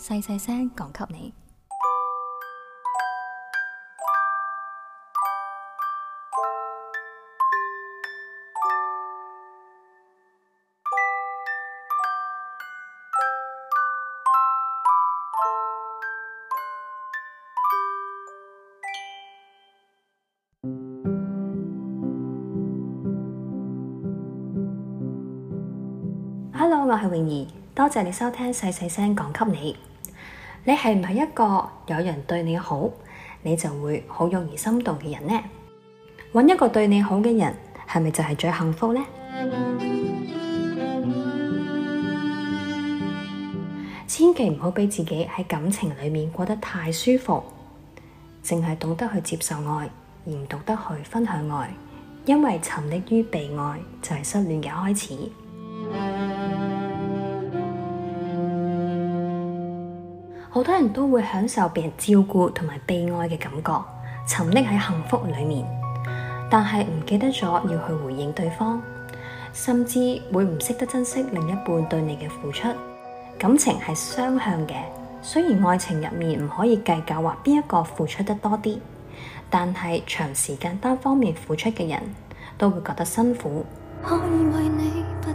細細聲講給你。Hello，我係泳兒，多謝你收聽細細聲講給你。你係唔係一個有人對你好，你就會好容易心動嘅人呢？揾一個對你好嘅人，係咪就係最幸福呢？千祈唔好俾自己喺感情裏面過得太舒服，淨係懂得去接受愛，而唔懂得去分享愛，因為沉溺於被愛就係失戀嘅開始。好多人都會享受別人照顧同埋被愛嘅感覺，沉溺喺幸福裏面，但係唔記得咗要去回應對方，甚至會唔識得珍惜另一半對你嘅付出。感情係雙向嘅，雖然愛情入面唔可以計較話邊一個付出得多啲，但係長時間單方面付出嘅人都會覺得辛苦。可以為你。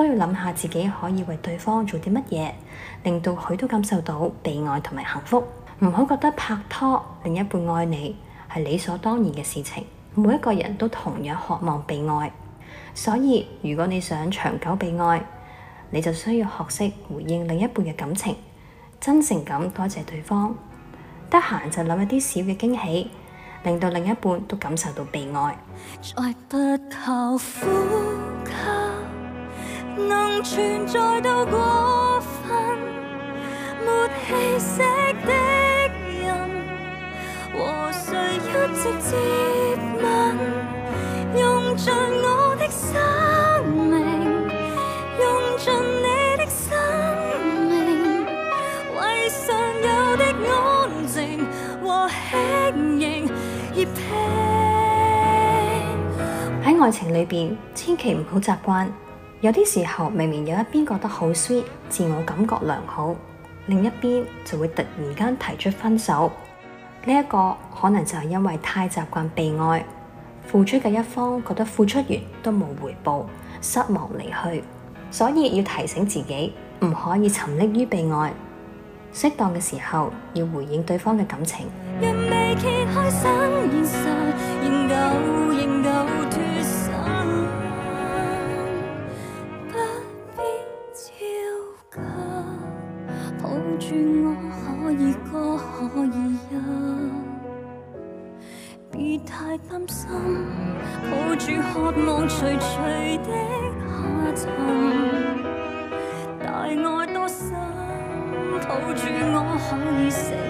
都要諗下自己可以為對方做啲乜嘢，令到佢都感受到被愛同埋幸福。唔好覺得拍拖另一半愛你係理所當然嘅事情。每一個人都同樣渴望被愛，所以如果你想長久被愛，你就需要學識回應另一半嘅感情，真誠咁多謝對方。得閒就諗一啲小嘅驚喜，令到另一半都感受到被愛。能存在到過分，沒氣息的人和誰一直接吻？用盡我嘅生命，用盡你的生命，為常有嘅安靜和輕盈而拼。喺愛情裏邊，千祈唔好習慣。有啲時候，明明有一邊覺得好 sweet，自我感覺良好，另一邊就會突然間提出分手。呢一個可能就係因為太習慣被愛，付出嘅一方覺得付出完都冇回報，失望離去。所以要提醒自己，唔可以沉溺於被愛，適當嘅時候要回應對方嘅感情。住我可以歌可以泣，別太擔心。抱住渴望徐徐的下沉，大愛多深？抱住我可以死。